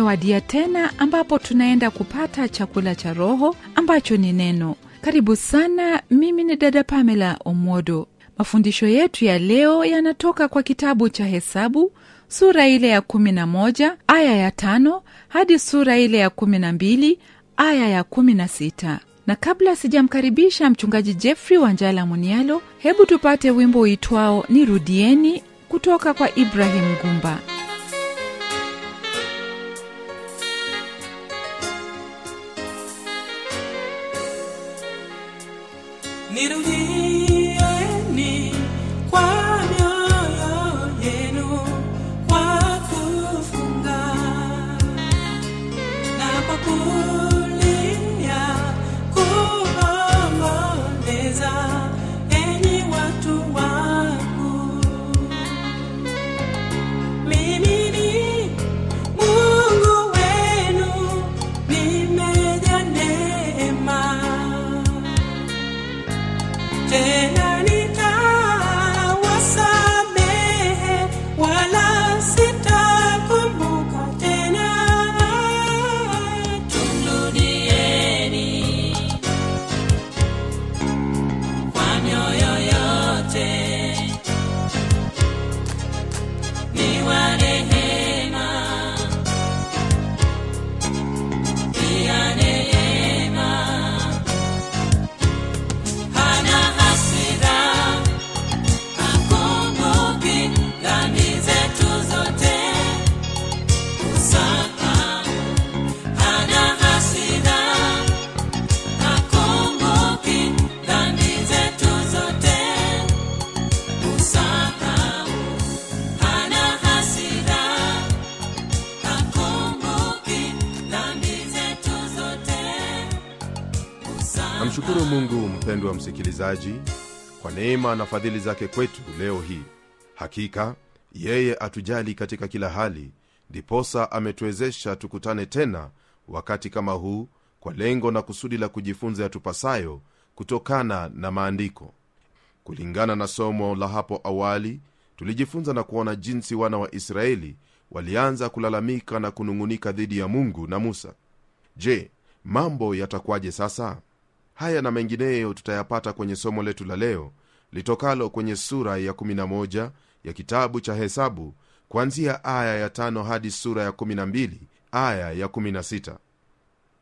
umewadia tena ambapo tunaenda kupata chakula cha roho ambacho ni neno karibu sana mimi ni dada pamela omwodo mafundisho yetu ya leo yanatoka kwa kitabu cha hesabu sura ile ya 11 aya ya 5 hadi sura ile ya 12 aya ya 16 na kabla sijamkaribisha mchungaji jeffrey wanjala munialo hebu tupate wimbo uitwao nirudieni kutoka kwa ibrahimu gumba It'll msikilizaji kwa neema na fadhili zake kwetu leo hii hakika yeye atujali katika kila hali ndiposa ametuwezesha tukutane tena wakati kama huu kwa lengo na kusudi la kujifunza yatupasayo kutokana na maandiko kulingana na somo la hapo awali tulijifunza na kuona jinsi wana wa israeli walianza kulalamika na kunung'unika dhidi ya mungu na musa je mambo yatakuwaje sasa haya na mengineyo tutayapata kwenye somo letu la leo litokalo kwenye sura ya 11 ya kitabu cha hesabu kuanzia aya ya 5 hadi sura ya 12 aya ya 16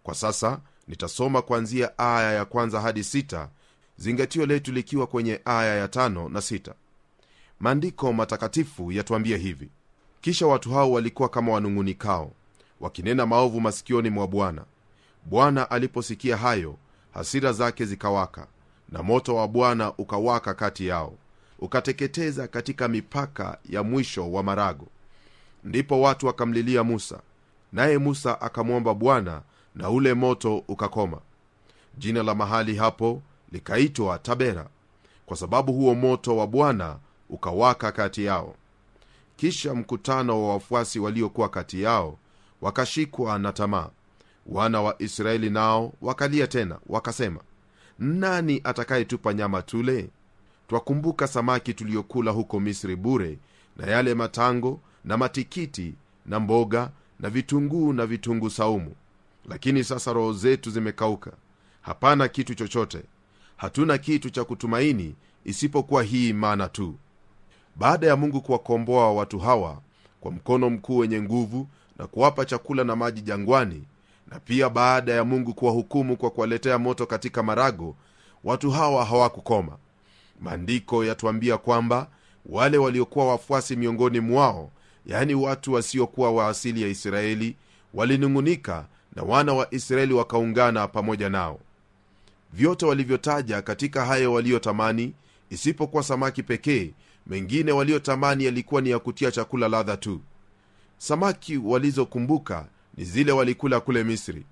kwa sasa nitasoma kuanzia aya ya kwanza hadi 6 zingatio letu likiwa kwenye aya ya 5 na 6 maandiko matakatifu yatuambia hivi kisha watu hao walikuwa kama wanung'unikao wakinena maovu masikioni mwa bwana bwana aliposikia hayo hasira zake zikawaka na moto wa bwana ukawaka kati yao ukateketeza katika mipaka ya mwisho wa marago ndipo watu wakamlilia musa naye musa akamwomba bwana na ule moto ukakoma jina la mahali hapo likaitwa tabera kwa sababu huo moto wa bwana ukawaka kati yao kisha mkutano wa wafuasi waliokuwa kati yao wakashikwa na tamaa wana wa israeli nao wakalia tena wakasema nani atakayetupa nyama tule twakumbuka samaki tuliyokula huko misri bure na yale matango na matikiti na mboga na vitunguu na vitunguu saumu lakini sasa roho zetu zimekauka hapana kitu chochote hatuna kitu cha kutumaini isipokuwa hii mana tu baada ya mungu kuwakomboa watu hawa kwa mkono mkuu wenye nguvu na kuwapa chakula na maji jangwani na pia baada ya mungu kuwahukumu kwa kuwaletea moto katika marago watu hawa hawakukoma maandiko yatuambia kwamba wale waliokuwa wafuasi miongoni mwao yaani watu wasiokuwa wa asili ya israeli walinung'unika na wana wa israeli wakaungana pamoja nao vyote walivyotaja katika hayo waliotamani isipokuwa samaki pekee mengine waliotamani yalikuwa ni ya kutia chakula ladha tu samaki walizokumbuka ni zile walikula kule misri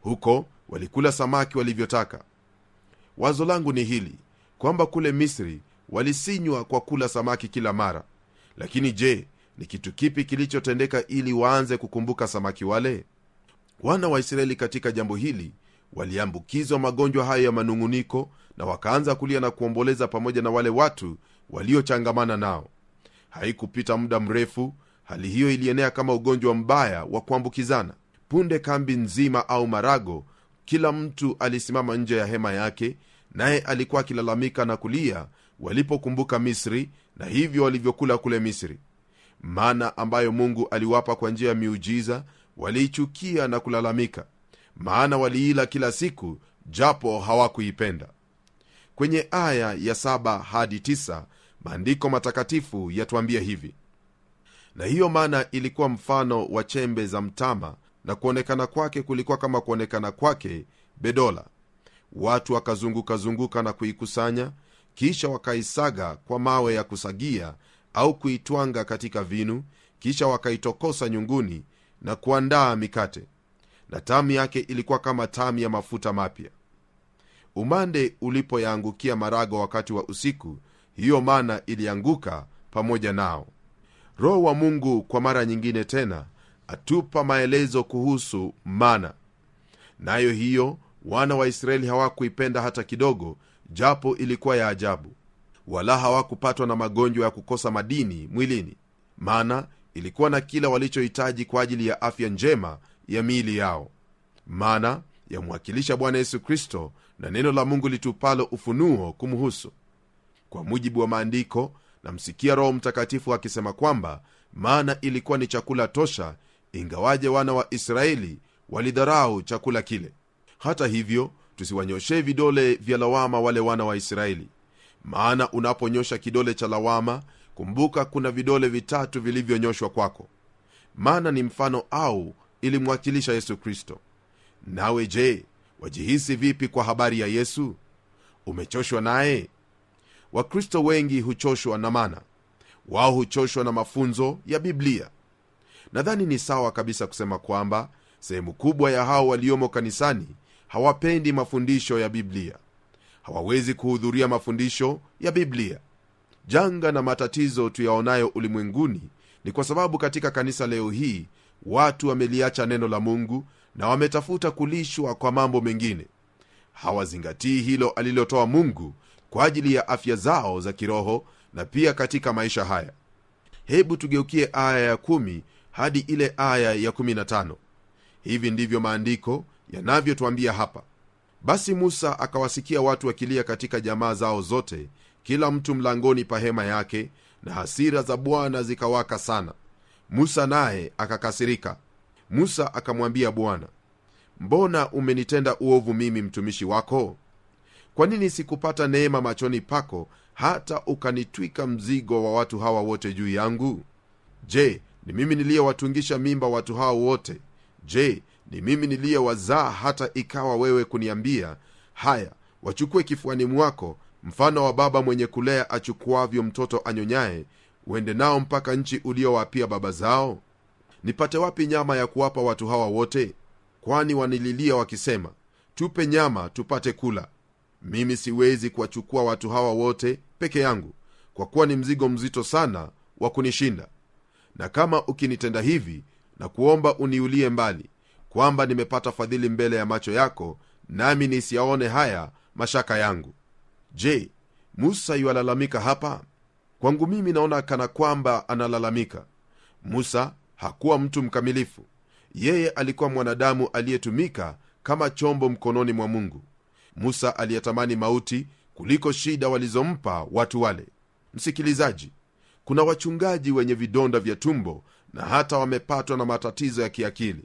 huko walikula samaki walivyotaka wazo langu ni hili kwamba kule misri walisinywa kwa kula samaki kila mara lakini je ni kitu kipi kilichotendeka ili waanze kukumbuka samaki wale wana wa israeli katika jambo hili waliambukizwa magonjwa hayo ya manung'uniko na wakaanza kulia na kuomboleza pamoja na wale watu waliochangamana nao haikupita muda mrefu Hali hiyo ilienea kama ugonjwa mbaya wa kuambukizana. Punde kambi nzima au Marago, kila mtu alisimama nje ya hema yake, naye alikuwa akilalamika na kulia walipokumbuka Misri na hivyo walivyokula kule Misri. Mana ambayo Mungu aliwapa kwa njia ya miujiza waliichukia na kulalamika, maana waliila kila siku, japo hawakuipenda. Kwenye aya ya saba hadi tisa maandiko matakatifu yatuambia hivi: na hiyo maana ilikuwa mfano wa chembe za mtama na kuonekana kwake kulikuwa kama kuonekana kwake bedola watu wakazungukazunguka na kuikusanya kisha wakaisaga kwa mawe ya kusagia au kuitwanga katika vinu kisha wakaitokosa nyunguni na kuandaa mikate na tamu yake ilikuwa kama tamu ya mafuta mapya umande ulipoyaangukia marago wakati wa usiku hiyo mana ilianguka pamoja nao roho wa mungu kwa mara nyingine tena atupa maelezo kuhusu mana nayo hiyo wana wa israeli hawakuipenda hata kidogo japo ilikuwa ya ajabu wala hawakupatwa na magonjwa ya kukosa madini mwilini mana ilikuwa na kila walichohitaji kwa ajili ya afya njema ya miili yao mana yamwakilisha bwana yesu kristo na neno la mungu litupalo ufunuo kumhusu kwa mujibu wa maandiko namsikia roho mtakatifu akisema kwamba maana ilikuwa ni chakula tosha ingawaje wana wa israeli walidharau chakula kile hata hivyo tusiwanyoshee vidole vya lawama wale wana wa israeli maana unaponyosha kidole cha lawama kumbuka kuna vidole vitatu vilivyonyoshwa kwako maana ni mfano au ilimwakilisha yesu kristo nawe je wajihisi vipi kwa habari ya yesu umechoshwa naye wakristo wengi huchoshwa na mana wao huchoshwa na mafunzo ya biblia nadhani ni sawa kabisa kusema kwamba sehemu kubwa ya hao waliomo kanisani hawapendi mafundisho ya biblia hawawezi kuhudhuria mafundisho ya biblia janga na matatizo tuyaonayo ulimwenguni ni kwa sababu katika kanisa leo hii watu wameliacha neno la mungu na wametafuta kulishwa kwa mambo mengine hawazingatii hilo alilotoa mungu kwa ajili ya afya zao za kiroho na pia katika maisha haya hebu tugeukie aya ya kumi hadi ile aya ya kumi na tano hivi ndivyo maandiko yanavyotwambia hapa basi musa akawasikia watu wakilia katika jamaa zao zote kila mtu mlangoni pa hema yake na hasira za bwana zikawaka sana musa naye akakasirika musa akamwambia bwana mbona umenitenda uovu mimi mtumishi wako kwa nini sikupata neema machoni pako hata ukanitwika mzigo wa watu hawa wote juu yangu je ni mimi niliyewatungisha mimba watu hawa wote je ni mimi niliyewazaa hata ikawa wewe kuniambia haya wachukue kifuani mwako mfano wa baba mwenye kulea achukuavyo mtoto anyonyaye uende nao mpaka nchi uliowapia baba zao nipate wapi nyama ya kuwapa watu hawa wote kwani wanililia wakisema tupe nyama tupate kula mimi siwezi kuwachukua watu hawa wote peke yangu kwa kuwa ni mzigo mzito sana wa kunishinda na kama ukinitenda hivi na kuomba uniulie mbali kwamba nimepata fadhili mbele ya macho yako nami nisiyaone haya mashaka yangu je musa iwalalamika hapa kwangu mimi naona kana kwamba analalamika musa hakuwa mtu mkamilifu yeye alikuwa mwanadamu aliyetumika kama chombo mkononi mwa mungu musa aliyetamani mauti kuliko shida walizompa watu wale msikilizaji kuna wachungaji wenye vidonda vya tumbo na hata wamepatwa na matatizo ya kiakili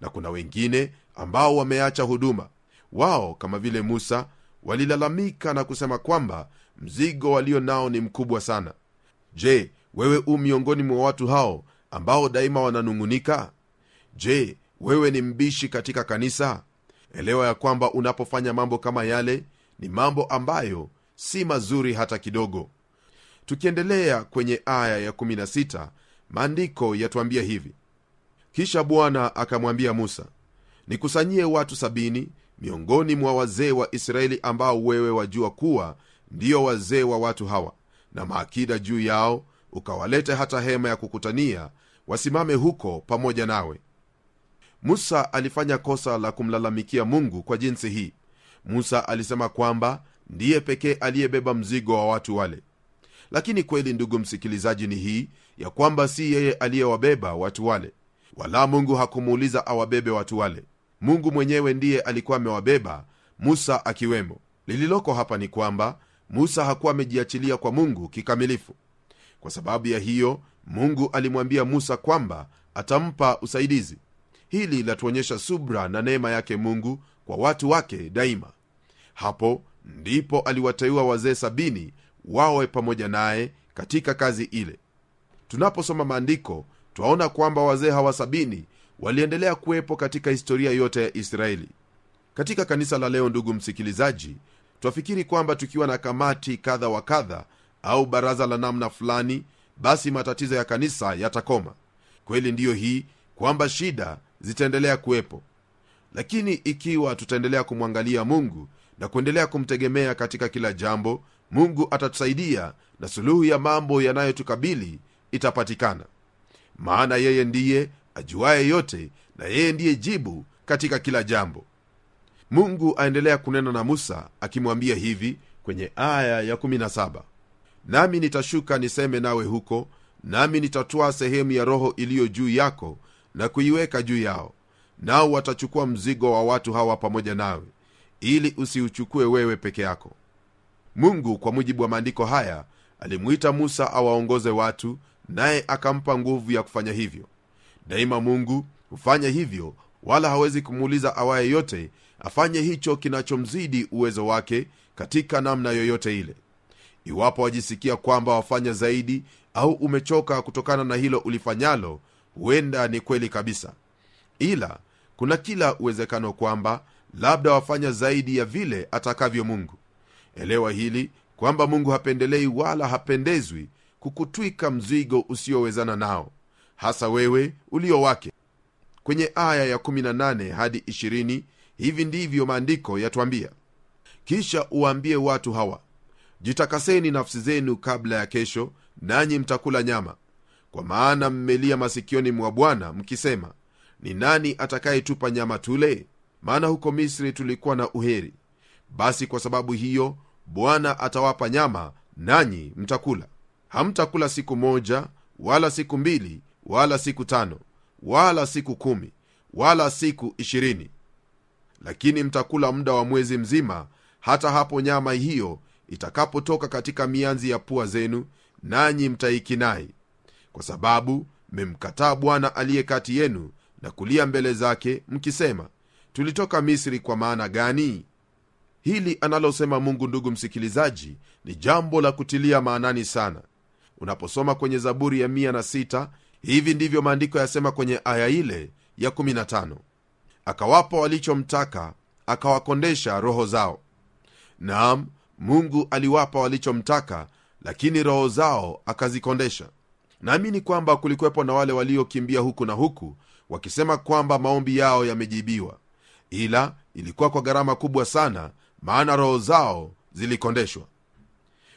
na kuna wengine ambao wameacha huduma wao kama vile musa walilalamika na kusema kwamba mzigo walio nao ni mkubwa sana je wewe u miongoni mwa watu hao ambao daima wananung'unika je wewe ni mbishi katika kanisa elewa ya kwamba unapofanya mambo kama yale ni mambo ambayo si mazuri hata kidogo tukiendelea kwenye aya ya16 maandiko yatuambia hivi kisha bwana akamwambia musa nikusanyie watu sabini miongoni mwa wazee wa israeli ambao wewe wajua kuwa ndiyo wazee wa watu hawa na maakida juu yao ukawalete hata hema ya kukutania wasimame huko pamoja nawe musa alifanya kosa la kumlalamikia mungu kwa jinsi hii musa alisema kwamba ndiye pekee aliyebeba mzigo wa watu wale lakini kweli ndugu msikilizaji ni hii ya kwamba si yeye aliyewabeba watu wale wala mungu hakumuuliza awabebe watu wale mungu mwenyewe ndiye alikuwa amewabeba musa akiwemo lililoko hapa ni kwamba musa hakuwa amejiachilia kwa mungu kikamilifu kwa sababu ya hiyo mungu alimwambia musa kwamba atampa usaidizi hili latuonyesha subra na neema yake mungu kwa watu wake daima hapo ndipo aliwateua wazee sabini wawe pamoja naye katika kazi ile tunaposoma maandiko twaona kwamba wazee hawa sabini waliendelea kuwepo katika historia yote ya israeli katika kanisa la leo ndugu msikilizaji twafikiri kwamba tukiwa na kamati kadha wa kadha au baraza la namna fulani basi matatizo ya kanisa yatakoma kweli ndiyo hii kwamba shida zitaendelea kuwepo lakini ikiwa tutaendelea kumwangalia mungu na kuendelea kumtegemea katika kila jambo mungu atatusaidia na suluhu ya mambo yanayotukabili itapatikana maana yeye ndiye ajuaye yote na yeye ndiye jibu katika kila jambo mungu aendelea kunena na musa akimwambia hivi kwenye aya ya17 nami nitashuka niseme nawe huko nami nitatwaa sehemu ya roho iliyo juu yako na kuiweka juu yao nao watachukua mzigo wa watu hawa pamoja nawe ili usiuchukue wewe peke yako mungu kwa mujibu wa maandiko haya alimwita musa awaongoze watu naye akampa nguvu ya kufanya hivyo daima mungu hufanya hivyo wala hawezi kumuuliza awaye yote afanye hicho kinachomzidi uwezo wake katika namna yoyote ile iwapo wajisikia kwamba wafanya zaidi au umechoka kutokana na hilo ulifanyalo huenda ni kweli kabisa ila kuna kila uwezekano kwamba labda wafanya zaidi ya vile atakavyo mungu elewa hili kwamba mungu hapendelei wala hapendezwi kukutwika mzigo usiowezana nao hasa wewe ulio wake kwenye aya ya18 hadi 20 hivi ndivyo maandiko yatwambia kisha uwaambie watu hawa jitakaseni nafsi zenu kabla ya kesho nanyi mtakula nyama kwa maana mmelia masikioni mwa bwana mkisema ni nani atakayetupa nyama tule maana huko misri tulikuwa na uheri basi kwa sababu hiyo bwana atawapa nyama nanyi mtakula hamtakula siku moja wala siku mbili wala siku tano wala siku kumi wala siku ishirini lakini mtakula muda wa mwezi mzima hata hapo nyama hiyo itakapotoka katika mianzi ya pua zenu nanyi mtaikinai kwa sababu mmemkataa bwana aliye kati yenu na kulia mbele zake mkisema tulitoka misri kwa maana gani hili analosema mungu ndugu msikilizaji ni jambo la kutilia maanani sana unaposoma kwenye zaburi ya 6 hivi ndivyo maandiko yasema kwenye aya ile ya 15 akawapa walichomtaka akawakondesha roho zao naam mungu aliwapa walichomtaka lakini roho zao akazikondesha naamini kwamba kulikuwepo na wale waliokimbia huku na huku wakisema kwamba maombi yao yamejibiwa ila ilikuwa kwa gharama kubwa sana maana roho zao zilikondeshwa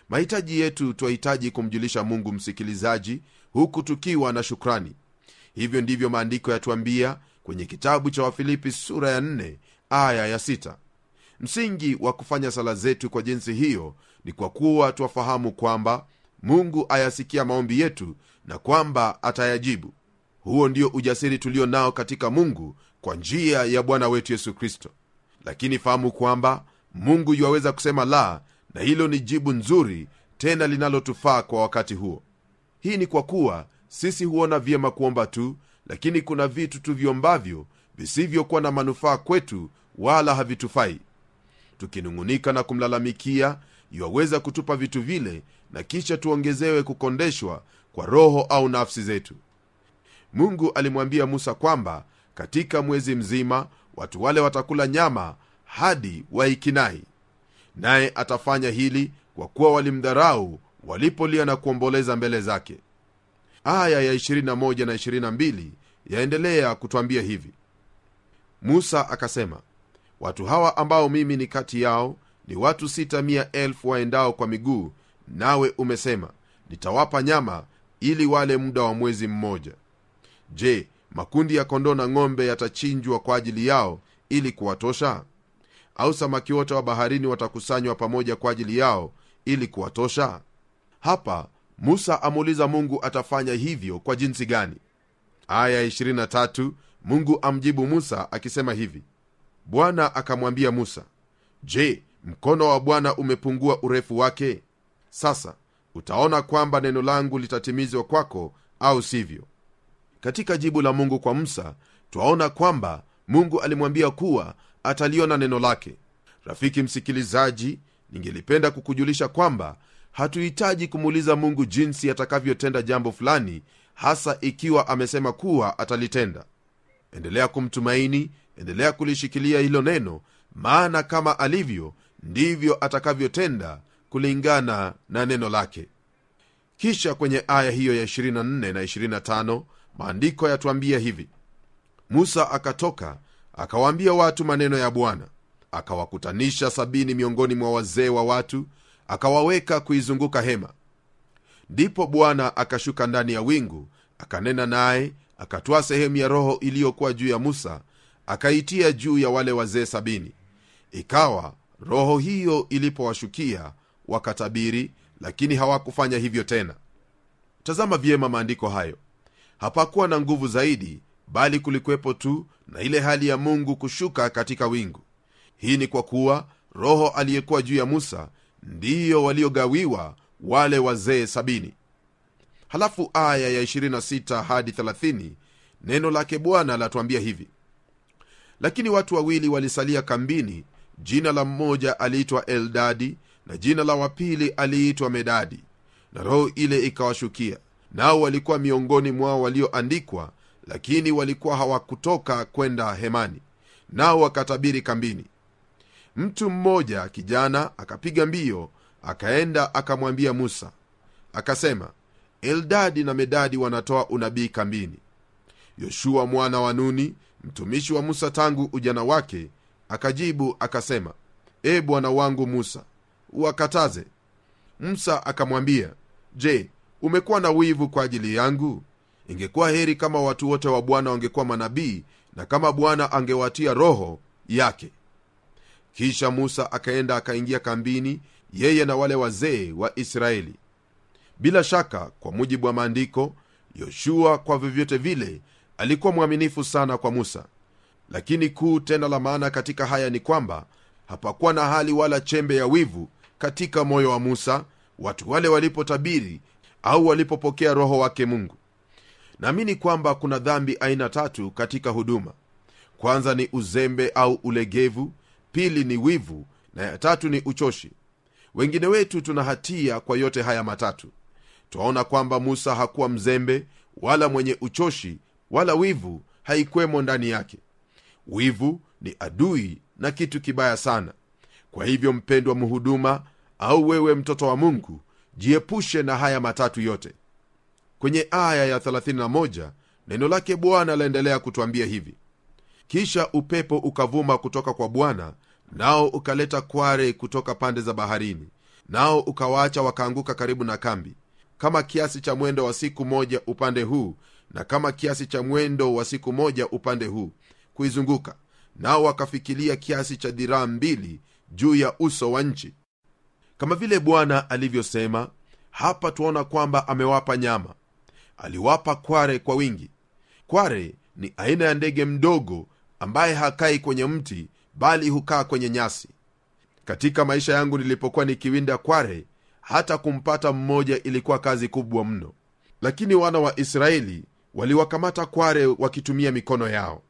mahitaji yetu twahitaji kumjulisha mungu msikilizaji huku tukiwa na shukrani hivyo ndivyo maandiko yatuambia kwenye kitabu cha wafilipi sura ya nne, aya ya 6 msingi wa kufanya sala zetu kwa jinsi hiyo ni kwa kuwa twafahamu kwamba mungu ayasikia maombi yetu na kwamba atayajibu huo ndio ujasiri tulio nao katika mungu kwa njia ya bwana wetu yesu kristo lakini fahamu kwamba mungu yuwaweza kusema la na hilo ni jibu nzuri tena linalotufaa kwa wakati huo hii ni kwa kuwa sisi huona vyema kuomba tu lakini kuna vitu tuvyombavyo visivyokuwa na manufaa kwetu wala havitufai tukinung'unika na kumlalamikia yuwaweza kutupa vitu vile na kisha tuongezewe kukondeshwa kwa roho au nafsi zetu mungu alimwambia musa kwamba katika mwezi mzima watu wale watakula nyama hadi waikinai naye atafanya hili kwa kuwa walimdharau walipolia na kuomboleza mbele zake aya ya 21 na 22 yaendelea kutwambia hivi musa akasema watu hawa ambao mimi ni kati yao ni watu 6 waendao kwa miguu nawe umesema nitawapa nyama ili wale muda wa mwezi mmoja je makundi ya kondoo na ng'ombe yatachinjwa kwa ajili yao ili kuwatosha au samaki wote wa baharini watakusanywa pamoja kwa ajili yao ili kuwatosha hapa musa amuuliza mungu atafanya hivyo kwa jinsi gani aya 23 mungu amjibu musa akisema hivi bwana akamwambia musa je mkono wa bwana umepungua urefu wake sasa utaona kwamba neno langu litatimizwa kwako au sivyo katika jibu la mungu kwa musa twaona kwamba mungu alimwambia kuwa ataliona neno lake rafiki msikilizaji ningelipenda kukujulisha kwamba hatuhitaji kumuuliza mungu jinsi atakavyotenda jambo fulani hasa ikiwa amesema kuwa atalitenda endelea kumtumaini endelea kulishikilia hilo neno maana kama alivyo ndivyo atakavyotenda kulingana na neno lake kisha kwenye aya hiyo ya 24 na 25 maandiko yatuambia hivi musa akatoka akawaambia watu maneno ya bwana akawakutanisha sabini miongoni mwa wazee wa watu akawaweka kuizunguka hema ndipo bwana akashuka ndani ya wingu akanena naye akatwaa sehemu ya roho iliyokuwa juu ya musa akaitia juu ya wale wazee sabini ikawa roho hiyo ilipowashukia wakatabiri lakini hawakufanya hivyo tena tazama vyema maandiko hayo hapakuwa na nguvu zaidi bali kulikuwepo tu na ile hali ya mungu kushuka katika wingu hii ni kwa kuwa roho aliyekuwa juu ya musa ndiyo waliogawiwa wale wazee sabini halafu aya ya 26 hadi 30 neno lake bwana latuambia hivi lakini watu wawili walisalia kambini jina la mmoja aliitwa eldadi na jina la wapili aliitwa medadi na roho ile ikawashukia nao walikuwa miongoni mwao walioandikwa lakini walikuwa hawakutoka kwenda hemani nao wakatabiri kambini mtu mmoja kijana akapiga mbio akaenda akamwambia musa akasema eldadi na medadi wanatoa unabii kambini yoshua mwana wa nuni mtumishi wa musa tangu ujana wake akajibu akasema e bwana wangu musa uwakataze msa akamwambia je umekuwa na wivu kwa ajili yangu ingekuwa heri kama watu wote wa bwana wangekuwa manabii na kama bwana angewatia roho yake kisha musa akaenda akaingia kambini yeye na wale wazee wa israeli bila shaka kwa mujibu wa maandiko yoshua kwa vyovyote vile alikuwa mwaminifu sana kwa musa lakini kuu tena la maana katika haya ni kwamba hapakuwa na hali wala chembe ya wivu katika moyo wa musa watu wale walipotabiri au walipopokea roho wake mungu naamini kwamba kuna dhambi aina tatu katika huduma kwanza ni uzembe au ulegevu pili ni wivu na ya tatu ni uchoshi wengine wetu tuna hatia kwa yote haya matatu twaona kwamba musa hakuwa mzembe wala mwenye uchoshi wala wivu haikwemo ndani yake wivu ni adui na kitu kibaya sana kwa hivyo mpendwa mhuduma au wewe mtoto wa mungu jiepushe na haya matatu yote kwenye aya ya 31 neno lake bwana laendelea kutwambia hivi kisha upepo ukavuma kutoka kwa bwana nao ukaleta kware kutoka pande za baharini nao ukawaacha wakaanguka karibu na kambi kama kiasi cha mwendo wa siku moja upande huu na kama kiasi cha mwendo wa siku moja upande huu kuizunguka nao wakafikilia kiasi cha dhiraa mbili juu ya uso wa nchi kama vile bwana alivyosema hapa twaona kwamba amewapa nyama aliwapa kware kwa wingi kware ni aina ya ndege mdogo ambaye hakai kwenye mti bali hukaa kwenye nyasi katika maisha yangu nilipokuwa nikiwinda kware hata kumpata mmoja ilikuwa kazi kubwa mno lakini wana wa israeli waliwakamata kware wakitumia mikono yao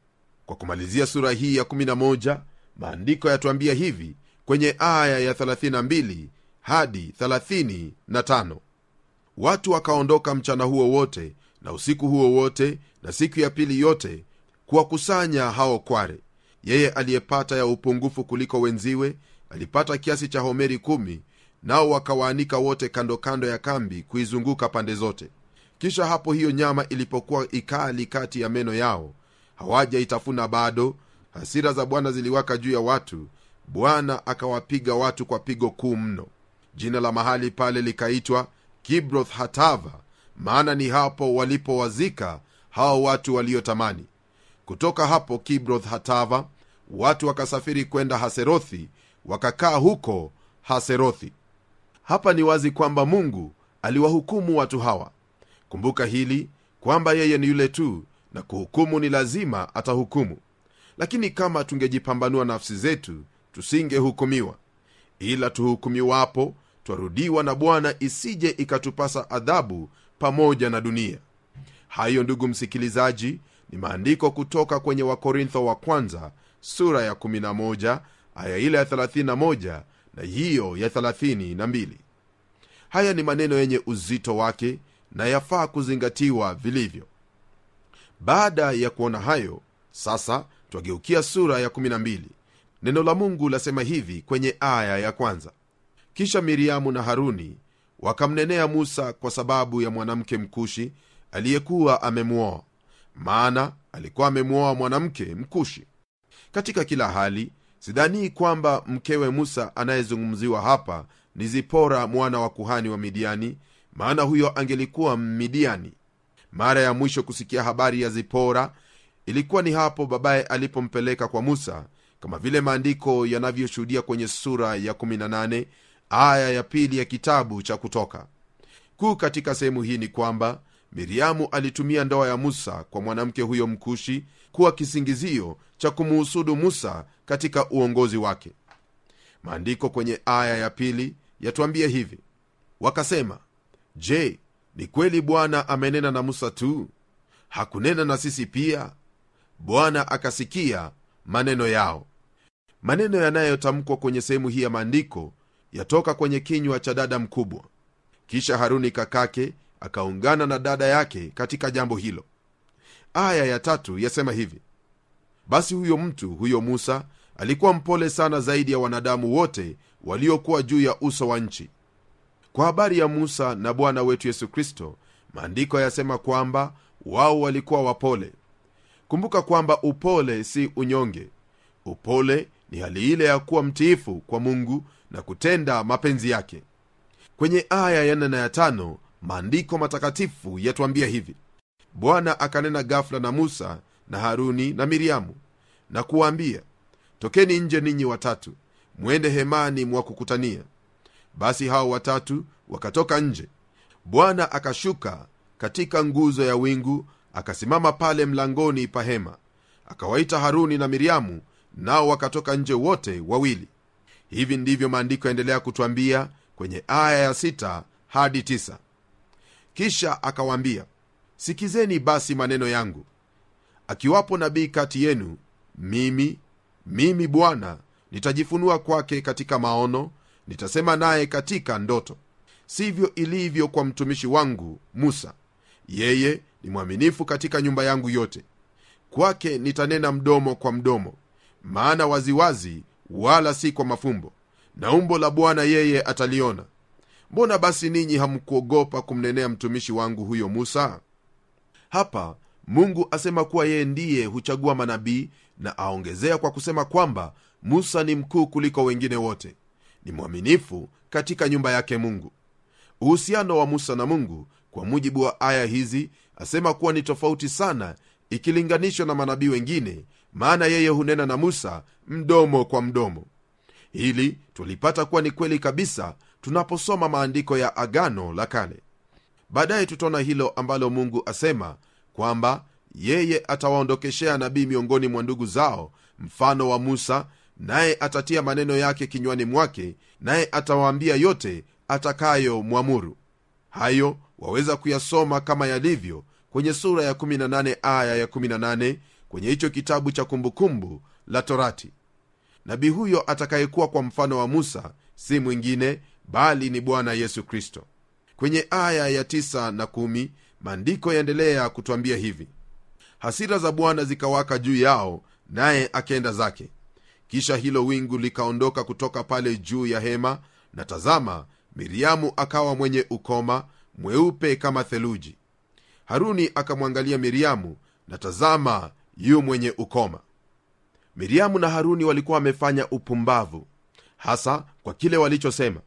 kwa kumalizia sura hii ya 11 maandiko yatuambia hivi kwenye aya ya 32 hadi 35 watu wakaondoka mchana huo wote na usiku huo wote na siku ya pili yote kuwakusanya hao kware yeye aliyepata ya upungufu kuliko wenziwe alipata kiasi cha homeri kumi nao wakawaanika wote kando kando ya kambi kuizunguka pande zote kisha hapo hiyo nyama ilipokuwa ikali kati ya meno yao hawaja itafuna bado hasira za bwana ziliwaka juu ya watu bwana akawapiga watu kwa pigo kuu mno jina la mahali pale likaitwa kibroth hatava maana ni hapo walipowazika hao watu waliotamani kutoka hapo kibroth hatava watu wakasafiri kwenda haserothi wakakaa huko haserothi hapa ni wazi kwamba mungu aliwahukumu watu hawa kumbuka hili kwamba yeye ni yule tu na kuhukumu ni lazima atahukumu lakini kama tungejipambanua nafsi zetu tusingehukumiwa ila tuhukumiwapo twarudiwa na bwana isije ikatupasa adhabu pamoja na dunia hayo ndugu msikilizaji ni maandiko kutoka kwenye wakorintho wa kwanza sura ya 11 aya ile ya 31 na hiyo ya 32 haya ni maneno yenye uzito wake na yafaa kuzingatiwa vilivyo baada ya kuona hayo sasa twageukia sura ya 12 neno la mungu lasema hivi kwenye aya ya kwanza kisha miriamu na haruni wakamnenea musa kwa sababu ya mwanamke mkushi aliyekuwa amemwoa maana alikuwa amemwoa mwanamke mkushi katika kila hali sidhanii kwamba mkewe musa anayezungumziwa hapa ni zipora mwana wa kuhani wa midiani maana huyo angelikuwa mmidiani mara ya mwisho kusikia habari ya zipora ilikuwa ni hapo babaye alipompeleka kwa musa kama vile maandiko yanavyoshuhudia kwenye sura ya 18 aya ya pili ya kitabu cha kutoka kuu katika sehemu hii ni kwamba miriamu alitumia ndoa ya musa kwa mwanamke huyo mkushi kuwa kisingizio cha kumuhusudu musa katika uongozi wake maandiko kwenye aya ya pili yatuambia hivi wakasema je ni kweli bwana amenena na musa tu hakunena na sisi pia bwana akasikia maneno yao. Maneno yanayotamkwa kwenye sehemu hii ya maandiko yatoka kwenye kinywa cha dada mkubwa. Kisha Haruni kakake akaungana na dada yake katika jambo hilo. Aya ya tatu yasema hivi: basi huyo mtu huyo Musa alikuwa mpole sana zaidi ya wanadamu wote waliokuwa juu ya uso wa nchi. Kwa habari ya Musa na Bwana wetu Yesu Kristo, maandiko yasema kwamba wao walikuwa wapole kumbuka kwamba upole si unyonge upole ni hali ile ya kuwa mtiifu kwa mungu na kutenda mapenzi yake kwenye aya ya na ya tano maandiko matakatifu yatuambia hivi bwana akanena gafula na musa na haruni na miriamu na kuwaambia tokeni nje ninyi watatu mwende hemani mwakukutania basi hao watatu wakatoka nje bwana akashuka katika nguzo ya wingu akasimama pale mlangoni pa hema akawaita haruni na miriamu nao wakatoka nje wote wawili hivi ndivyo maandiko yaendelea kutwambia kwenye aya ya sita hadi tisa kisha akawaambia sikizeni basi maneno yangu akiwapo nabii kati yenu mimi mimi bwana nitajifunua kwake katika maono nitasema naye katika ndoto sivyo ilivyo kwa mtumishi wangu musa yeye ni mwaminifu katika nyumba yangu yote kwake nitanena mdomo kwa mdomo maana waziwazi wala si kwa mafumbo na umbo la bwana yeye ataliona mbona basi ninyi hamkuogopa kumnenea mtumishi wangu huyo musa hapa mungu asema kuwa yeye ndiye huchagua manabii na aongezea kwa kusema kwamba musa ni mkuu kuliko wengine wote ni mwaminifu katika nyumba yake mungu uhusiano wa musa na mungu kwa mujibu wa aya hizi asema kuwa ni tofauti sana ikilinganishwa na manabii wengine maana yeye hunena na musa mdomo kwa mdomo hili twalipata kuwa ni kweli kabisa tunaposoma maandiko ya agano la kale baadaye tutaona hilo ambalo mungu asema kwamba yeye atawaondokeshea nabii miongoni mwa ndugu zao mfano wa musa naye atatia maneno yake kinywani mwake naye atawaambia yote atakayomwamuru hayo waweza kuyasoma kama yalivyo kwenye sura ya 18 aya ya 18 kwenye hicho kitabu cha kumbukumbu la torati nabii huyo atakayekuwa kwa mfano wa musa si mwingine bali ni bwana yesu kristo kwenye aya ya 9 na 1 maandiko yaendelea kutwambia hivi hasira za bwana zikawaka juu yao naye akenda zake kisha hilo wingu likaondoka kutoka pale juu ya hema na tazama miriamu akawa mwenye ukoma mweupe kama theluji haruni akamwangalia miriamu na tazama yu mwenye ukoma miriamu na haruni walikuwa wamefanya upumbavu hasa kwa kile walichosema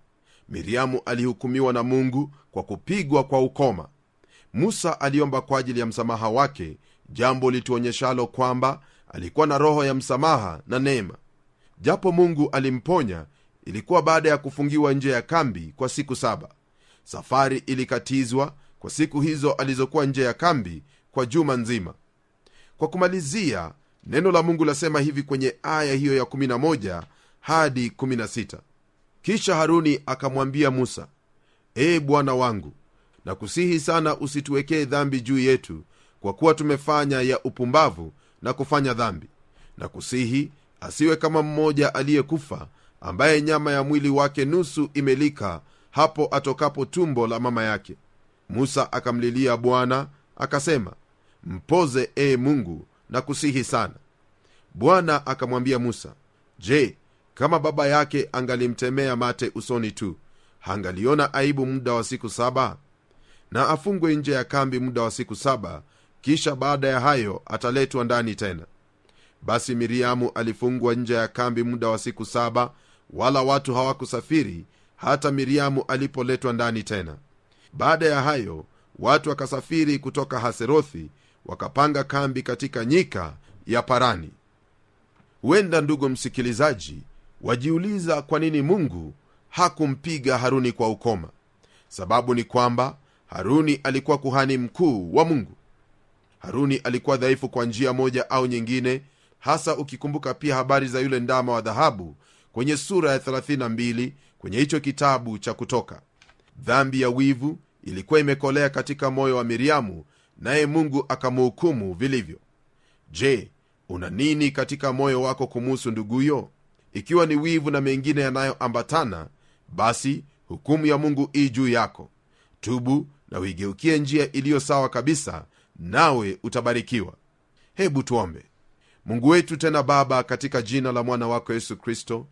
miriamu alihukumiwa na mungu kwa kupigwa kwa ukoma musa aliomba kwa ajili ya msamaha wake jambo lituonyeshalo kwamba alikuwa na roho ya msamaha na neema japo mungu alimponya ilikuwa baada ya kufungiwa nje ya kambi kwa siku saba safari ilikatizwa kwa siku hizo alizokuwa nje ya kambi kwa juma nzima kwa kumalizia neno la mungu lasema hivi kwenye aya hiyo ya 11 hadi 16 kisha haruni akamwambia musa ee bwana wangu na kusihi sana usituwekee dhambi juu yetu kwa kuwa tumefanya ya upumbavu na kufanya dhambi na kusihi asiwe kama mmoja aliyekufa ambaye nyama ya mwili wake nusu imelika hapo atokapo tumbo la mama yake musa akamlilia bwana akasema mpoze ee mungu na kusihi sana bwana akamwambia musa je kama baba yake angalimtemea mate usoni tu hangaliona aibu muda wa siku saba na afungwe nje ya kambi muda wa siku saba kisha baada ya hayo ataletwa ndani tena basi miriamu alifungwa nje ya kambi muda wa siku saba wala watu hawakusafiri hata miriamu alipoletwa ndani tena baada ya hayo watu wakasafiri kutoka haserothi wakapanga kambi katika nyika ya parani huenda ndugu msikilizaji wajiuliza kwa nini mungu hakumpiga haruni kwa ukoma sababu ni kwamba haruni alikuwa kuhani mkuu wa mungu haruni alikuwa dhaifu kwa njia moja au nyingine hasa ukikumbuka pia habari za yule ndama wa dhahabu kwenye sura ya 32 kwenye hicho kitabu cha kutoka dhambi ya wivu ilikuwa imekolea katika moyo wa miriamu naye mungu akamhukumu vilivyo je una nini katika moyo wako kumuhusu nduguyo ikiwa ni wivu na mengine yanayoambatana basi hukumu ya mungu ii juu yako tubu na uigeukie njia iliyo sawa kabisa nawe utabarikiwa hebu tuombe mungu wetu tena baba katika jina la mwana wako yesu kristo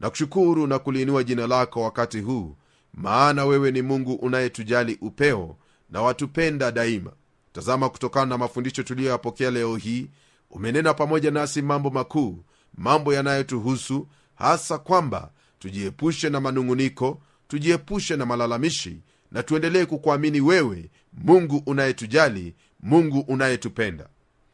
nakushukuru na kuliinua jina lako wakati huu maana wewe ni mungu unayetujali upeo na watupenda daima tazama kutokana na mafundisho tuliyoyapokea leo hii umenena pamoja nasi mambo makuu mambo yanayotuhusu hasa kwamba tujiepushe na manung'uniko tujiepushe na malalamishi na tuendelee kukuamini wewe mungu unayetujali mungu unayetupenda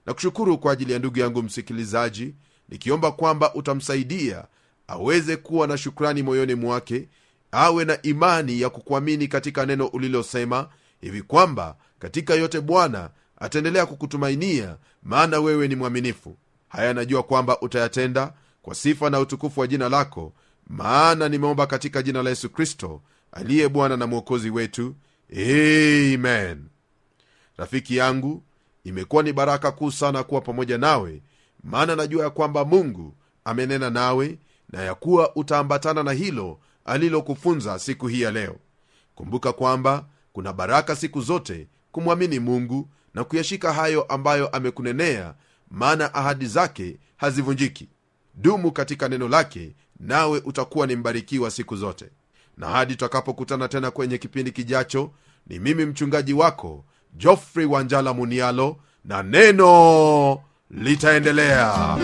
nakushukuru kwa ajili ya ndugu yangu msikilizaji nikiomba kwamba utamsaidia aweze kuwa na shukrani moyoni mwake awe na imani ya kukuamini katika neno ulilosema hivi kwamba katika yote bwana ataendelea kukutumainia maana wewe ni mwaminifu haya najua kwamba utayatenda kwa sifa na utukufu wa jina lako maana nimeomba katika jina la yesu kristo aliye bwana na mwokozi wetu amen rafiki yangu imekuwa ni baraka kuu sana kuwa pamoja nawe maana najua ya kwamba mungu amenena nawe na ya kuwa utaambatana na hilo alilokufunza siku hii ya leo kumbuka kwamba kuna baraka siku zote kumwamini mungu na kuyashika hayo ambayo amekunenea maana ahadi zake hazivunjiki dumu katika neno lake nawe utakuwa ni mbarikiwa siku zote na hadi tutakapokutana tena kwenye kipindi kijacho ni mimi mchungaji wako jofrey wanjala munialo na neno litaendelea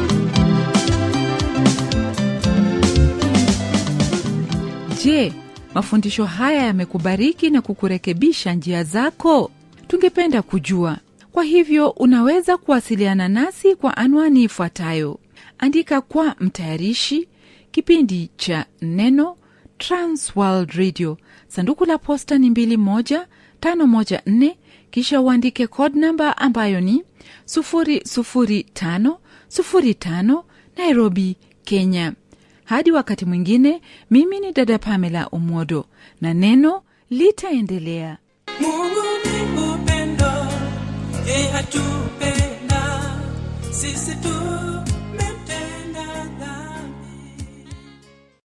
Je, mafundisho haya yamekubariki na kukurekebisha njia zako? Tungependa kujua. Kwa hivyo unaweza kuwasiliana nasi kwa anwani ifuatayo: andika kwa mtayarishi kipindi cha Neno, Transworld Radio, sanduku la posta ni 21514, kisha uandike code namba ambayo ni 00505 Nairobi, Kenya. Hadi wakati mwingine, mimi ni dada Pamela Omodo na neno litaendelea. Mungu ni upendo, yeye hatupenda sisi tu